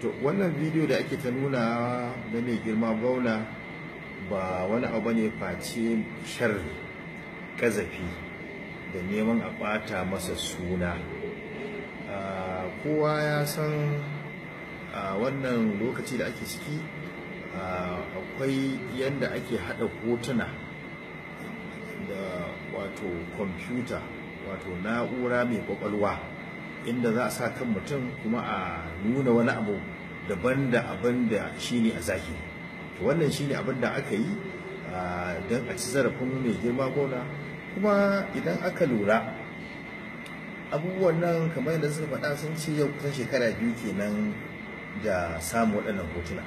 to wannan bidiyo da ake ta nuna da mai girma gwamna ba wani abu ne face sharri kazafi da neman a bata masa suna kowa ya san a wannan lokaci da ake ciki akwai yadda ake haɗa hotuna da wato kwamfuta wato na'ura mai ƙwaƙwalwa inda za a sa kan mutum kuma a nuna wani abu daban da abin da shi ne a zahiri wannan shi ne abin da aka yi don a ci zarafin mai girma gona kuma idan aka lura abubuwan nan kamar yadda suka faɗa sun ce yau kusan shekara biyu kenan da samu waɗannan hotuna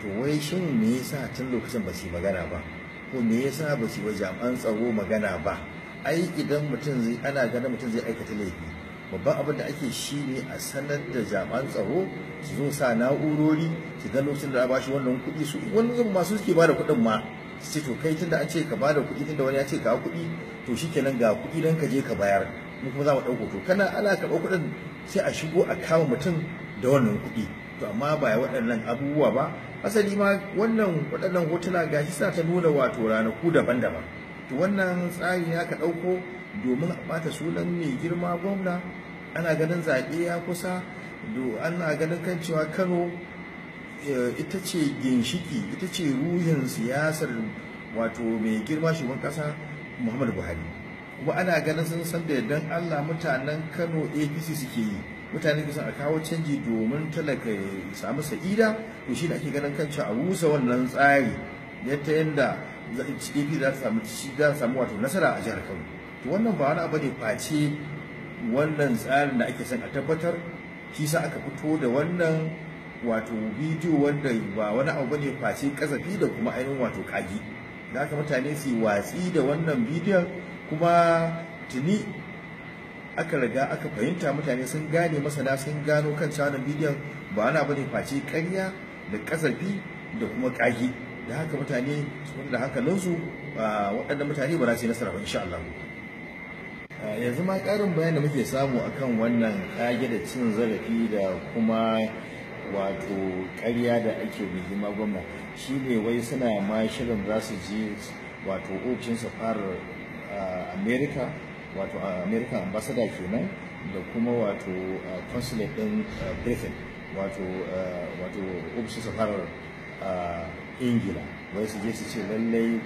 to wai shin me yasa tun lokacin ba su magana ba ko me yasa ba su yi wa jami'an tsaro magana ba ai idan mutum zai ana ganin mutum zai aikata laifi babban abin da ake shi ne a sanar da jaman tsaro su zo sa na'urori su gano sun da ba wannan kuɗi su wani yin masu suke bada kuɗin ma su ce to kai tunda an ce ka bada kuɗi tunda wani ya ce ka kuɗi to shikenan ga kuɗi dan ka je ka bayar mu kuma za mu ɗauko to kana ana karɓar kuɗin sai a shigo a kama mutum da wannan kuɗi to amma ba waɗannan abubuwa ba asali ma wannan waɗannan hotuna ga shi suna ta nuna wato ranaku daban-daban to wannan tsari ya ka ɗauko domin a ɓata sunan mai girma gwamna ana ganin zaɓe ya kusa ana ganin kan cewa kano eh, ita ce ginshiki ita ce ruhin siyasar wato mai girma shugaban ƙasa muhammadu buhari kuma ana ganin sun san da yardan allah mutanen kano apc suke yi mutane ke son a kawo canji domin talaka samu sa'ida to shi da ake ganin kan cewa a rusa wannan tsari yadda yadda apc za ta samu wato nasara a jihar kano to wannan ba wani abu ne face wannan tsarin da ake son a tabbatar shi sa aka fito da wannan wato bidiyo wanda ba wani abu bane face kazafi da kuma ainihin wato kagi da haka mutane su watsi da wannan bidiyon kuma tuni aka riga aka fahimta mutane sun gane masana sun gano kan wannan bidiyo ba wani abu bane face karya da kasafi da kuma kagi da haka mutane da hankalinsu ah, waɗannan mutane ba za su yi nasara ba insha Allah yanzu ma ƙarin bayan da muke samu akan wannan ƙage da cin zarafi da kuma wato ƙarya da ake rigima gwamna shi ne wai suna ma shirin za su je wato ofishin safar america wato american ambassador kenan da kuma wato consulate ɗin britain wato wato ofishin ingila wai su je su ce lallai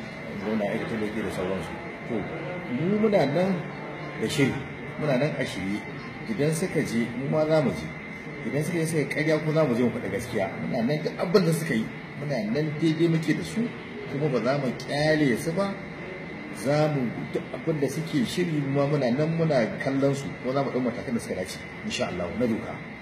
zauna aikata da sauransu to mu muna nan da shiri muna nan a shirye idan suka je mu ma za mu je idan suka yi suka karya ko za mu je mu faɗa gaskiya muna nan duk abin da suka yi muna nan daidai muke da su kuma ba za mu kyale su ba za mu duk abin da suke shiri mu ma muna nan muna kallon su ko za mu ɗau matakan da suka dace insha Allah na doka